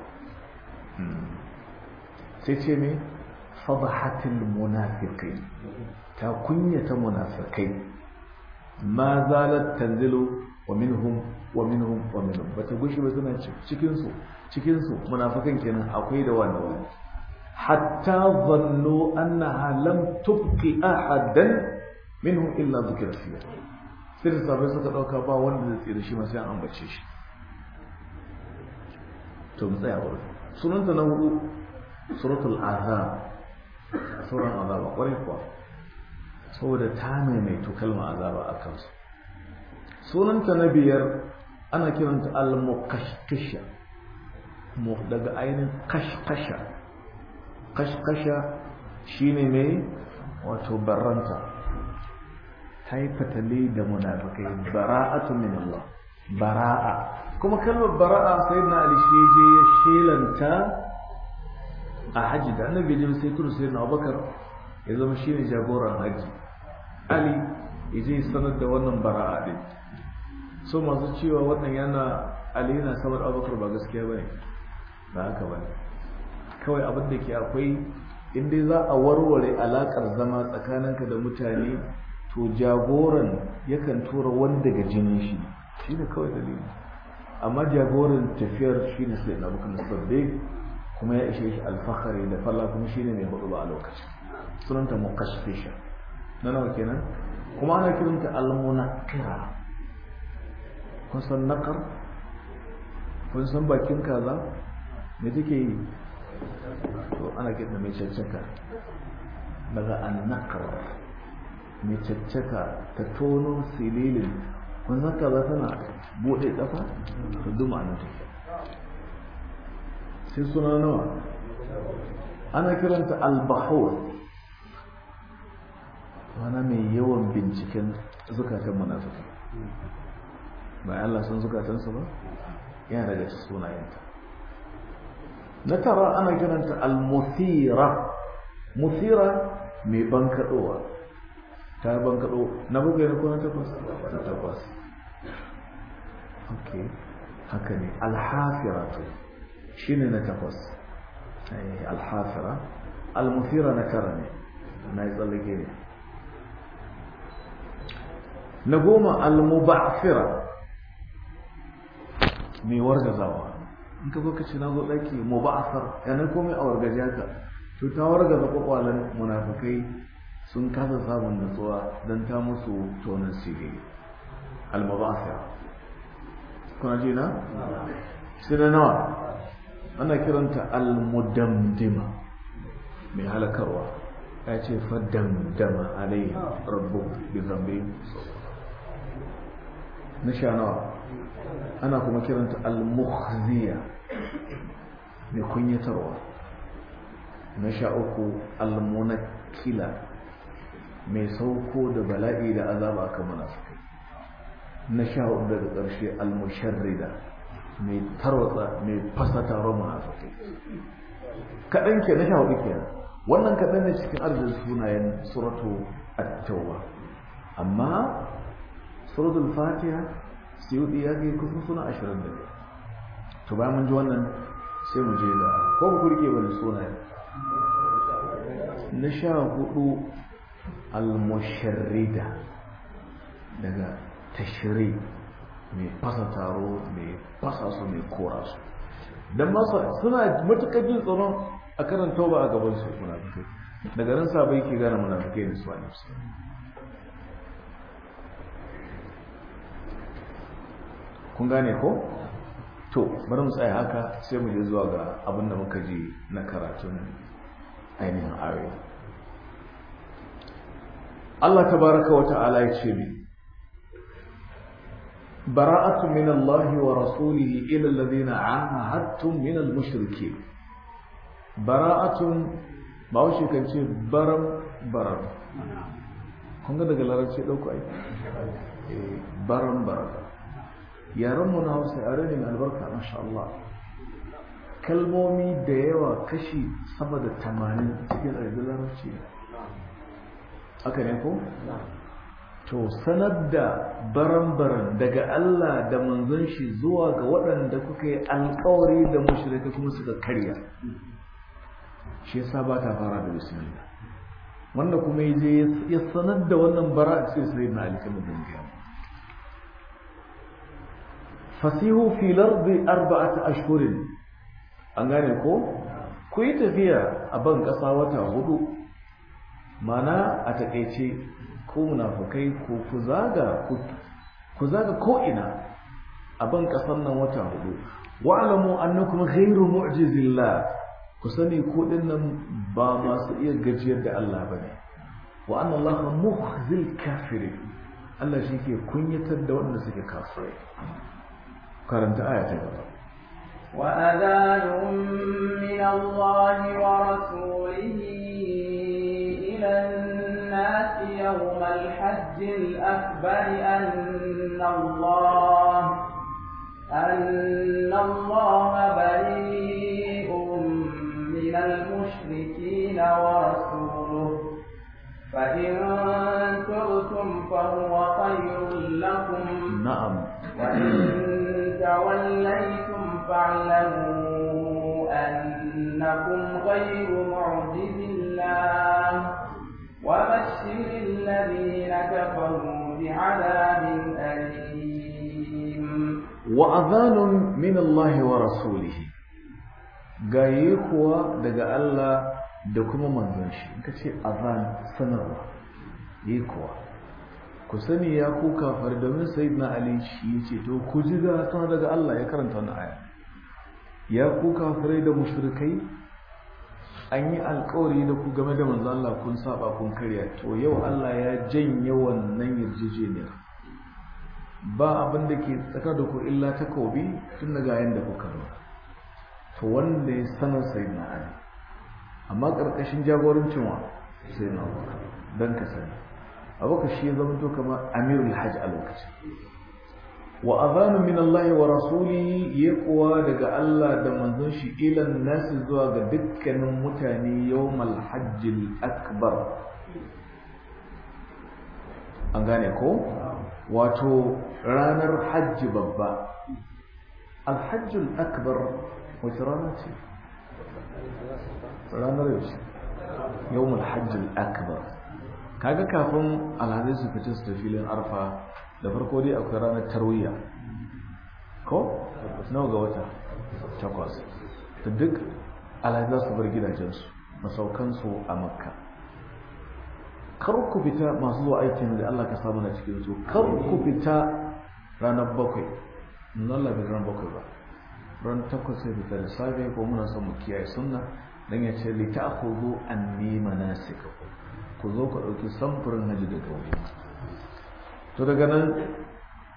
hmm. sai ce me fadhahatil munafiqin ta kunyata munafikai ma zalat tanzilu wa minhum wa minhum wa minhum bata gushi ba suna cikinsu su munafikan kenan akwai da wanda wani hatta zannu annaha lam tubqi ahadan minhum illa zikra fiya sai da safe suka dauka ba wanda zai tsira shi ma sai an ambace shi to mu tsaya wurin sunanta na hudu suratul azab sauran azaba kwarai kuwa saboda ta maimaito kalma azaba a kansu sunanta na biyar ana kiranta al-mukashkisha daga ainihin kashkasha kashkasha shine mai wato barranta haifatale da munafikai bara'atu min Allah bara'a kuma kalmar bara'a sai na ali shi ya shelanta a haji da annabi jin sai turu sai na abubakar ya zama shi ne jagoran haji ali ya je sanar da wannan bara'a din so masu cewa wannan yana ali yana samar abubakar ba gaskiya bane ba haka bane kawai abin da ke akwai in dai za a warware alakar zama tsakaninka da mutane to jagoran yakan tura wani daga jinin shi shi ne kawai da dalili amma jagoran tafiyar shi ne sai na bukan sabbe kuma ya ishe shi alfahari da falla kuma shi ne mai hudu ba a lokacin sunanta mukashfisha na nawa kenan kuma ana kiranta almunakira kun san nakar kun san bakin kaza me take yi to ana kiranta mai cancanta daga annakar mai caccaka ta tono sililin kun za kaza tana bude kafa ta duma na ta sai suna nawa ana kiranta albahor wana mai yawan binciken zukatan munafikai ba Allah san zukatansu ba yana daga sunayenta na tara ana kiranta al-muthira muthira mai bankadowa ta ban kaɗo na buga ne ko na takwas na takwas ok haka ne alhafira to shi ne na takwas eh, alhafira almufira na tara ne na yi tsallake ne na goma almubafira mai wargazawa in ka baka ce na zo ɗaki mubafir yanar komai a wargaje ka to ta wargaza kwakwalen munafukai sun kasa samun nutsuwa don ta musu tonin siri almubasira kuna ji na? sirri nawa ana kiranta almudamdima mai halakarwa ya ce fadamdama alai rabu bi zambe na sha nawa ana kuma kiranta almukhziya mai kunyatarwa na sha uku almunakila mai sauko da bala'i da azaba kan munafikai na sha hudu daga ƙarshe almusharrida mai tarwatsa mai fasa taron munafikai kaɗan ke na sha hudu ke. wannan kaɗan ne cikin arzikin sunayen suratu at-tauba amma suratul fatiha siyudi ya ke kusan suna ashirin da to bayan mun ji wannan sai mu je da ko ku rike wani sunayen na sha hudu al-musharrida daga tashri mai fasa taro mai fasa su mai kora su don masu suna matuƙar jin tsoro a karin toba a gaban su fito daga nan sabai ke gane muna fito yin suwa nafsu kun gane ko to bari mu tsaya haka sai mu je zuwa ga abin da muka ji na karatun ainihin ariya Allah ta baraka wa ta'ala ya ce min bara'atu min Allah wa rasulihi ila alladhina ahadtum min al-mushrikeen bara'atun ba wuce kan ce baram baram kun ga daga larabci dauko ai eh, baram baram yaran mu na Hausa yare ne albarka masha Allah kalmomi da yawa kashi sama da 80 cikin larabci ne aka ne ko to sanar da baran-baran daga Allah da manzon shi zuwa ga waɗanda kuka yi alƙawari da mushrika kuma suka karya shi yasa ba ta fara da bismillah wanda kuma ya je ya sanar da wannan bara cikin sai na alƙalin da ya fasihu fi lardi arba'ata ashhurin an gane ko ku yi tafiya a ban ƙasa wata hudu mana a takaice ko munafukai ko ku zaga ku zaga ko ina a ban kasan nan wata hudu alamu annakum ghayru mu'jizillah ku sani ko nan ba masu iya gajiyar da Allah bane wa anna Allah mukhzil kafirin Allah shi ke kunyatar da wanda suke kafirai karanta aya ta gaba wa adanun min Allah wa rasulihi إلى الناس يوم الحج الأكبر أن الله أن الله بريء من المشركين ورسوله فإن ترتم فهو خير لكم نعم وإن توليتم فاعلموا أنكم غير معجز الله وبشر الذين كفروا بعذاب أليم وأذان من الله ورسوله gaye kuwa daga Allah da kuma manzon shi in ka ce azan sanarwa yi ku sani ya ku kafar domin sayyidina ali shi yace to ku ji ga sana daga Allah ya karanta wani aya ya ku kafirai da mushrikai an yi alkawari da ku game da manzo Allah kun saba kun karya to yau Allah ya janye wannan yarjejeniyar ba abin da ke tsakar da ku illa takobi tun daga yayin da kuka zo to wanda ya sanar sai na Ali amma karkashin jagorancin wa na Abubakar dan ka sani abuka shi ya zama to kamar amirul hajj a lokacin wa azanun min Allahi wa rasuli kuwa daga Allah da manzon shi ilan nasu zuwa ga dukkanin mutane yawmal hajjil akbar an gane ko wato ranar hajji babba alhajjul akbar wace rana ce ranar yaushe yawmal hajjil akbar kaga kafin alhazai su fita su filin arfa da farko dai akwai ranar tarwiyya ko nawa ga wata takwas da duk alhaji za su bar gidajensu masaukansu a makka kar ku fita masu zuwa aikin da Allah ka samu na cikin su kar ku fita ranar bakwai nuna Allah ranar bakwai ba ran takwas sai fita da safe ko muna son mu kiyaye sunna don ya ce li ta'khudhu anni manasikakum ku zo ku ɗauki samfurin hajji daga wuri to daga nan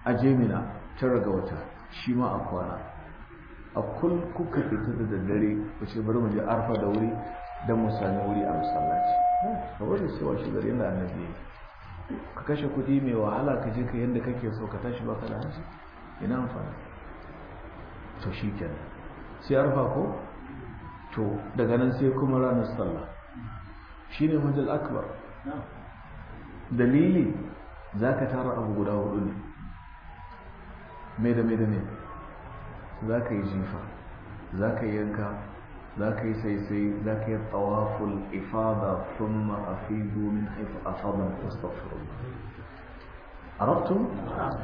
a jemina tara ga wata shi ma a kwana a kun kuka fita da daddare ku ce bari mu je arfa da wuri don mu sami wuri a masallaci ka wani cewa shi gari na annabi ka kashe kuɗi mai wahala ka je ka yadda kake so ka tashi baka da hanci ina amfani to shi kenan sai arfa ko to daga nan sai kuma ranar sallah shine hujjal akbar dalili za ka tara abu guda hudu ne mai da mai da ne za ka yi jifa za ka yi yanka za ka yi saisai za ka yi tsawaful ifada sun ma'afi domin haifu a sabon astagfirullah a raftun?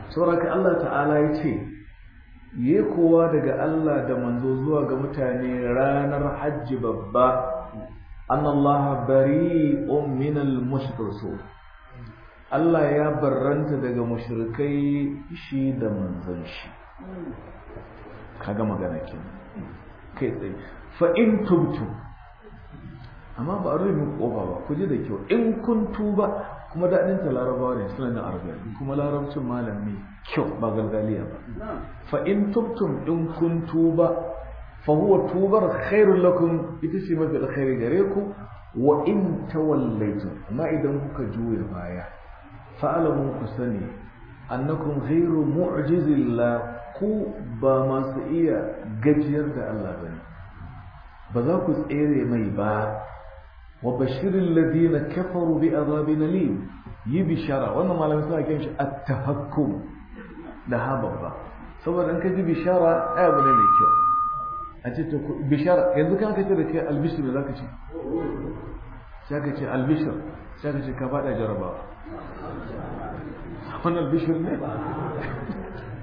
sauraka allah ta'ala ya ce yi kowa daga Allah da manzo zuwa ga mutane ranar hajji babba an Allah bari min al Allah ya barranta daga mushrikai shi da manzon shi kaga magana kin kai tsaye fa in tubtu amma ba a rufe kofa ba ku ji da kyau in kun tuba kuma daɗinta larabawa ne suna na arabiya kuma larabcin malam ne kyau ba galgaliya ba fa in tubtum in kun tuba fa huwa tubar khairul lakum ita ce mafi alkhairi gare ku wa in tawallaitum amma idan kuka juya baya fa'alamu ku sani annakum ghairu mu'jizillah ku ba masu iya gajiyar da Allah bane ba za ku tsere mai ba wa bashirin ladina kafaru bi na alim yi bishara wannan malamin suna kiran shi a tahakkum da haban ba saboda in ka ji bishara ai abu mai kyau a ce to bishara yanzu kan ka ce da kai albishir da ka ce sai ka ce albishir sai ka ce ka bada jarabawa wannan bishir ne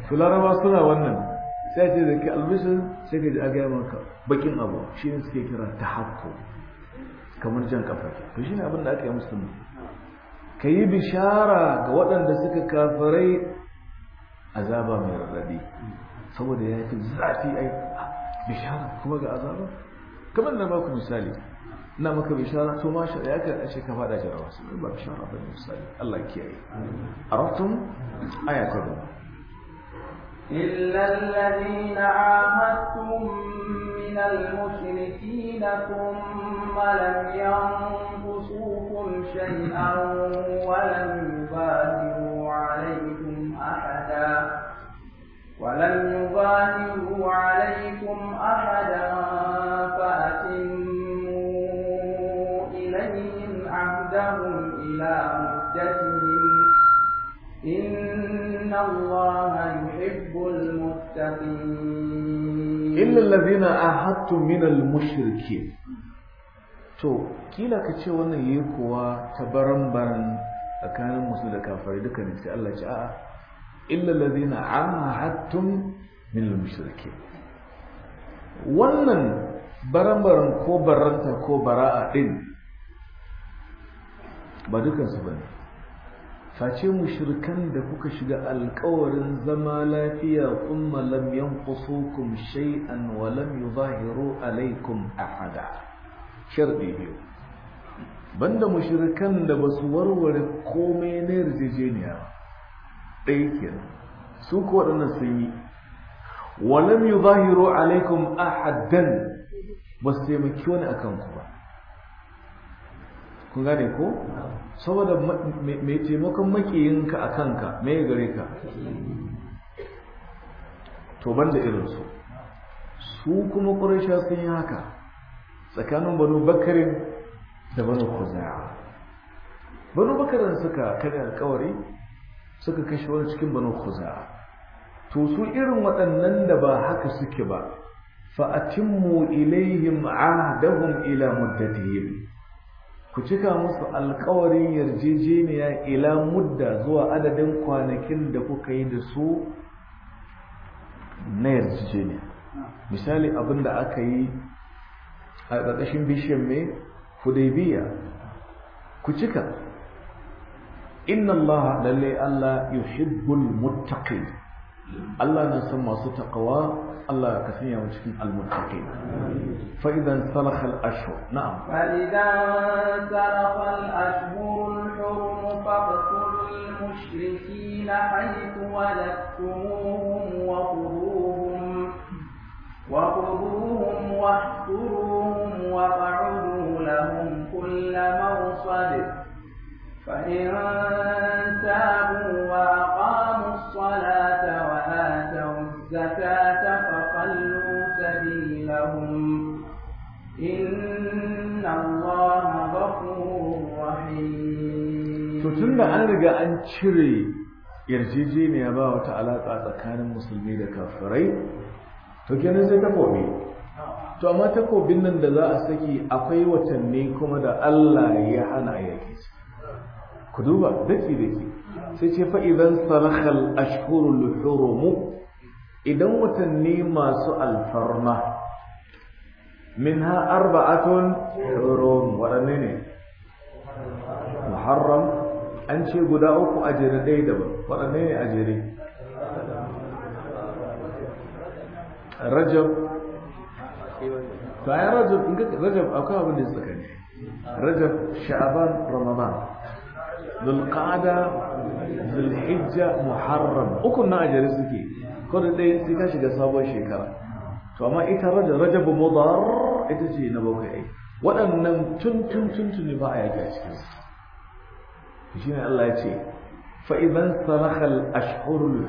su laraba suna wannan sai ce da ke albishir sai ka ji a gaya maka bakin abu shi ne suke kira ta hakko kamar jan kafa to shi ne abin da aka yi musulmi ka yi bishara ga waɗanda suka kafarai azaba mai raɗaɗi saboda ya fi zafi ai bishara kuma ga azaba kamar na baku misali نما كبي شارع توما شارع كان أشي كفا دا جرى واسي بن مصالي الله يكيه أردتم آية كبيرة إلا الذين عاهدتم من المشركين ثم لم ينقصوكم شيئا ولم يبادروا عليكم أحدا ولم يبادروا عليكم أحدا إلى إن الذين من المشركين to kila ka ce wannan yi kuwa ta baran tsakanin musu da kafari duka ne sai Allah a'a illa min al wannan baran-baran ko baranta ko bara'a din ba dukansu ba ne face shirkan da kuka shiga alkawarin zama lafiya kuma lam yanqusukum shay'an wa lam yuzahiru alaikum ahada sharbi biyu banda shirkan da basu warware komai na yarjejeniya ɗaya kenan su ko waɗannan sun yi wa lam yuzahiru alaikum ahadan ba su taimaki wani akan ku ba kun gane ko saboda mai taimakon makiyinka a kanka mai gare ka to banda irinsu su kuma ƙurasha sun yi haka tsakanin banu bakarin da banu kuzaya banu bakarin suka kada alkawari suka kashe wani cikin banu kuzaya to su irin waɗannan da ba haka suke ba fa'atimmu ilaihim ahdahum ila muddatihim ku cika musu alkawarin yarjejeniya ila mudda zuwa adadin kwanakin da kuka yi da su na yarjejeniya misali abin da aka yi a ƙarƙashin bishiyar mai hudaybiya ku cika inna allaha lalle allah yuhibbul muttaqin allah na san masu taqwa الله يكفينا وشكي المتقين فإذا انسلخ الأشهر نعم فإذا انسلخ الأشهر الحرم فاقتلوا المشركين حيث ولدتموهم وخذوهم وخذوهم واحصروهم واقعدوا لهم كل مرصد فإن تابوا وأقاموا الصلاة tunda an riga an cire yarjejeniya ba wata alaƙa tsakanin musulmi da kafirai to kenan sai takobi to amma takobin nan da za a saki akwai watanni kuma da Allah ya hana yake ku duba daki daki sai ce fa'idan idan sarakhal ashhurul hurum idan watanni masu alfarma minha arba'atun hurum waɗanne ne muharram an ce guda uku a jere ɗaya daban waɗanne ne a jere rajab bayan rajab in ga rajab akwai abin da ya tsakani rajab sha'aban ramadan zulqada zulhijja muharram uku na a jere suke Kodin ɗaya sai ka shiga sabon shekara to amma ita rajab rajab mudar ita ce na bakwai waɗannan tun tun tun tun ba a yaki a cikinsu shine Allah ya ce fa idan sanakhal ashhurul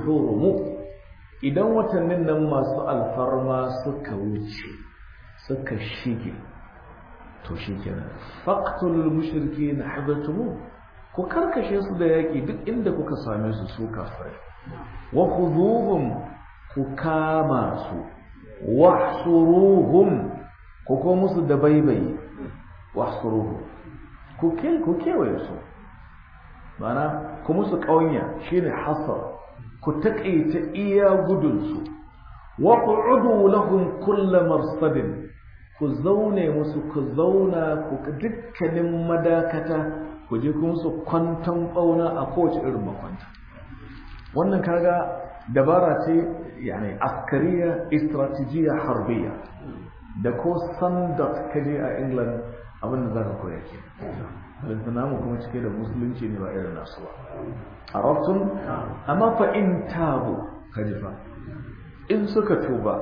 idan watannin nan masu alfarma suka wuce suka shige to shikenan faqtul mushrikin hadathu ku karkashe su da yaƙi duk inda kuka same su su kafirai wa khuduhum ku kama su wahsuruhum ku ko musu da baibayi wahsuruhum ku kewaye su mana ku musu ƙaunya shine hasar ku taƙaita iya gudunsu wa qu'udu lahum kulla marsadin ku zaune musu ku zauna ku dukkanin madakata ku je ku su kwantan bauna a kowace irin makwanta wannan kaga dabara ce yani askariya istratijiya harbiya da ko sandat kaje a England abin da zaka koya ke wanda namu kuma cike da musulunci ne ba irin nasu ba a rafsun amma fa in tabu kajifa in suka tuba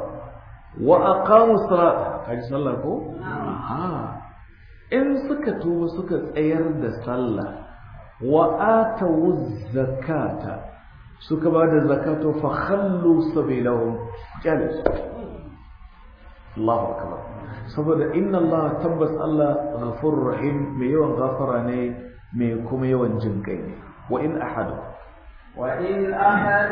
wa aqamu salat kaji sallah ko in suka tuba suka tsayar da sallah wa a atawu zakata suka ba da zakato fa khallu sabilahum jalisa الله أكبر صبر إن الله تبس الله غفور رحيم ميو غفراني ميكم ميو جنكين وإن أحد وإن أحد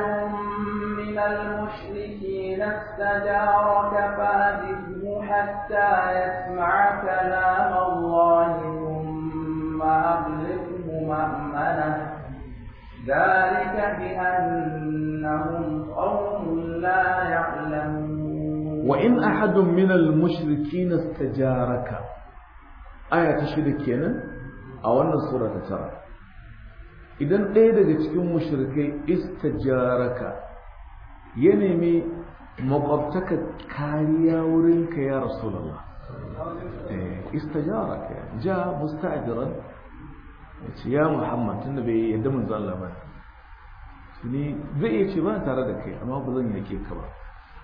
من المشركين استجارك فأذبه حتى يسمع كلام الله ثم أبلغه مأمنة ذلك بأنهم قوم لا يعلمون wa in ahadun min al-mushrikin istajaraka aya ta shida kenan a wannan sura ta tara idan ɗaya daga cikin mushrikai istajaraka ya nemi makwabtaka kariya wurinka ya rasulullah istajaraka ja mustajiran yace ya muhammad tunda bai yadda manzo Allah ba ni zai iya ce ba tare da kai amma ba zan yake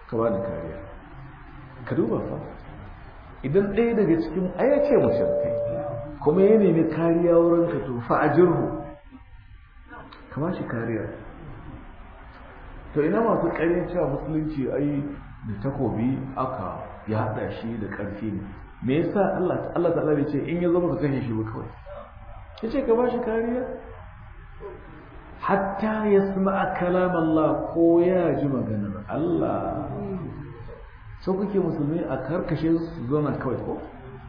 ka ba da kariya ka duba fa idan ɗaya daga cikin aya ce kai kuma ya nemi kariya wurin ka to fa ajirhu kama shi kariya to ina masu ƙarin cewa musulunci ai da takobi aka ya haɗa shi da ƙarfi ne me yasa Allah Allah ta'ala bai ce in ya zama ka kashe shi ba kawai yace ka bashi kariya hatta yasma'a kalam Allah ko ya ji maganar Allah so kuke musulmi a karkashe su zona kawai ko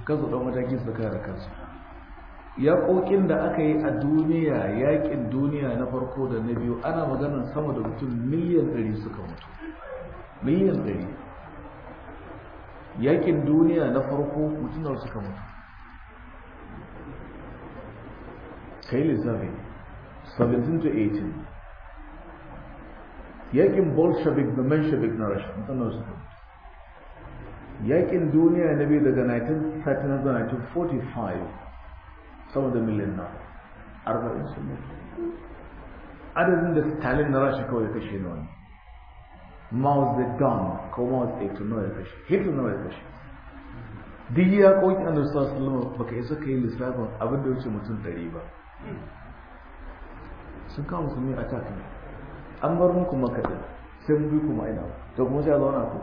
kansu ɗan mataki su kare kansu yaƙoƙin da aka yi a duniya yaƙin duniya na farko da na biyu ana maganar sama da mutum miliyan ɗari suka mutu miliyan ɗari yaƙin duniya na farko mutum da suka mutu kai lissafi 17 to 18 yaƙin bolshevik da menshevik na rashin mutum da suka mutu yakin duniya na biyu daga 1945 sama da miliyan na 40 sun mutu adadin da stalin na rashi kawai ya kashe nawa ne mao zedong ko mao zedong nawa ya kashe hitler nawa ya kashe duk ya koki a sallallahu alaihi baka isa ka yi lissafin abin da wuce mutum dari ba sun kawo musulmi a takin an bar muku makaɗin sai mu bi kuma ina to kuma sai a zauna ku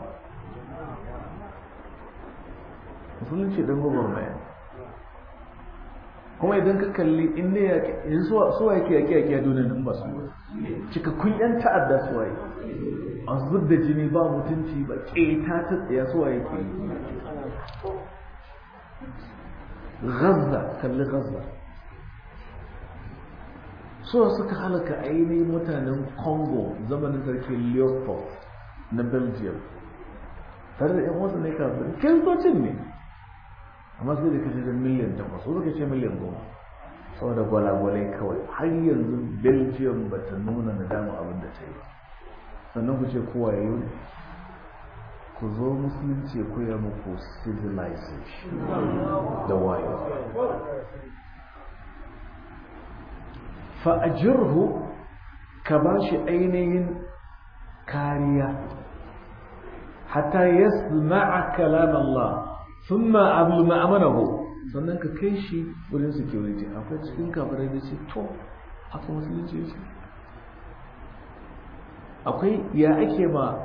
musulunci gobar gwagwarmaya kuma idan ka kalli inda ya ke suwa yake yake yake ya dunan nan ba su cikakkun yan ta'adda suwa yi a zub da jini ba mutunci ba ke ta tsaya suwa yake yi gaza kalli gaza wasu suka halaka ainihin mutanen congo zamanin sarki leopold na belgium tare da yan wasu ne kafin kiristocin ne amma sai da kashe miliyan takwas wasu ka miliyan goma saboda gwalagwalai kawai har yanzu belgium ba ta nuna na damu abin da ta yi sannan ku ce kowa yi yi ku zo musulunci ku koya muku civilization da wayo fa'ajirhu ka ba shi ainihin kariya hatta yasma'a kalam Allah sun ma abu ko sannan ka kai shi wurin security akwai cikin kafirai da ce to haka musulunci shi akwai ya ake ma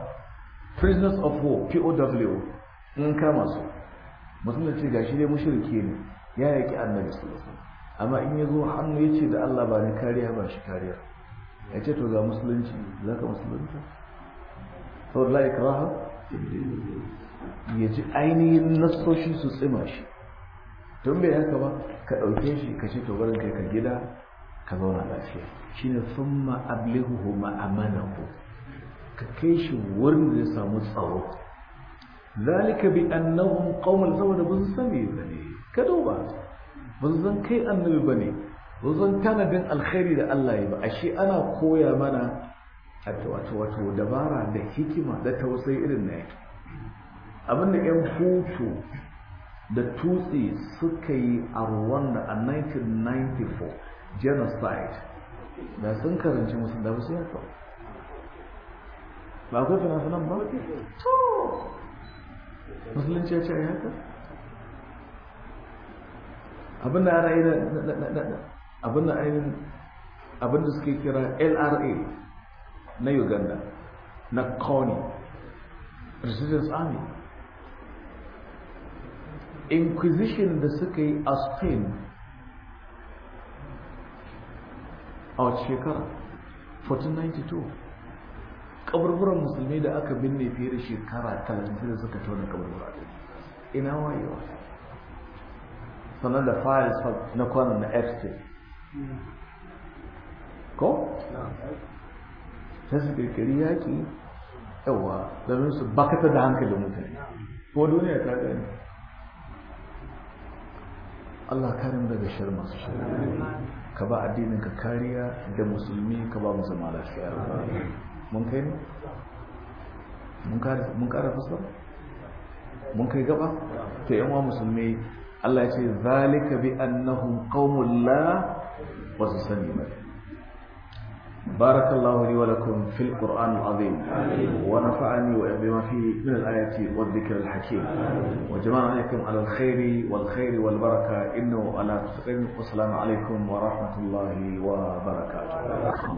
prisoners of war POW in kama su musulunci ga shi dai mushirki ne ya yaki annabi sallallahu amma in ya zo hannu ya ce da Allah ba ni kariya ba shi kariya ya ce to ga musulunci za ka musulunta saboda la ikraha ya ji ainihin nassoshi su tsima shi don bai haka ba ka ɗauke shi ka ce to barin kai ka gida ka zauna lafiya shine thumma ablihu ma amanahu ka kai shi wurin da ya samu tsaro zalika bi annahum qauman saboda ba sani ba ne ka duba ba su san kai annabi ba ne ba san tanadin alkhairi da Allah ya ba ashe ana koya mana wato dabara da hikima da tausayi irin na ya. abinda 'yan hutu da tutsi suka yi a rwanda a 1994 genocide da sun karanci musu da wasu yato ba akwai nan ba to musulunci ya ce ya haka abinda ana yi abinda ainihin abinda suke kira lra na uganda na kony resistance army inquisition da suka yi a spain a wace shekara 1492 kaburburan musulmi da aka binne fiye da shekara 30 da suka tona kaburbura ina wayewa sannan da files na kwanan na epstein ko? Ta su kirkiri yaki yawa da su bakata da hankalin mutane ko duniya ta gani Allah karin da daga shirin masu shirin ka ba addinin ka kariya da musulmi ka ba mu zama lafiya mun kai mun kara fuskar mun kai gaba ta yan musulmi Allah ya ce zalika bi annahum qaumul la wasu sani ba بارك الله لي ولكم في القرآن العظيم ونفعني بما فيه من الآية والذكر الحكيم وجمعنا عليكم على الخير والخير والبركة إنه على تسقين والسلام عليكم ورحمة الله وبركاته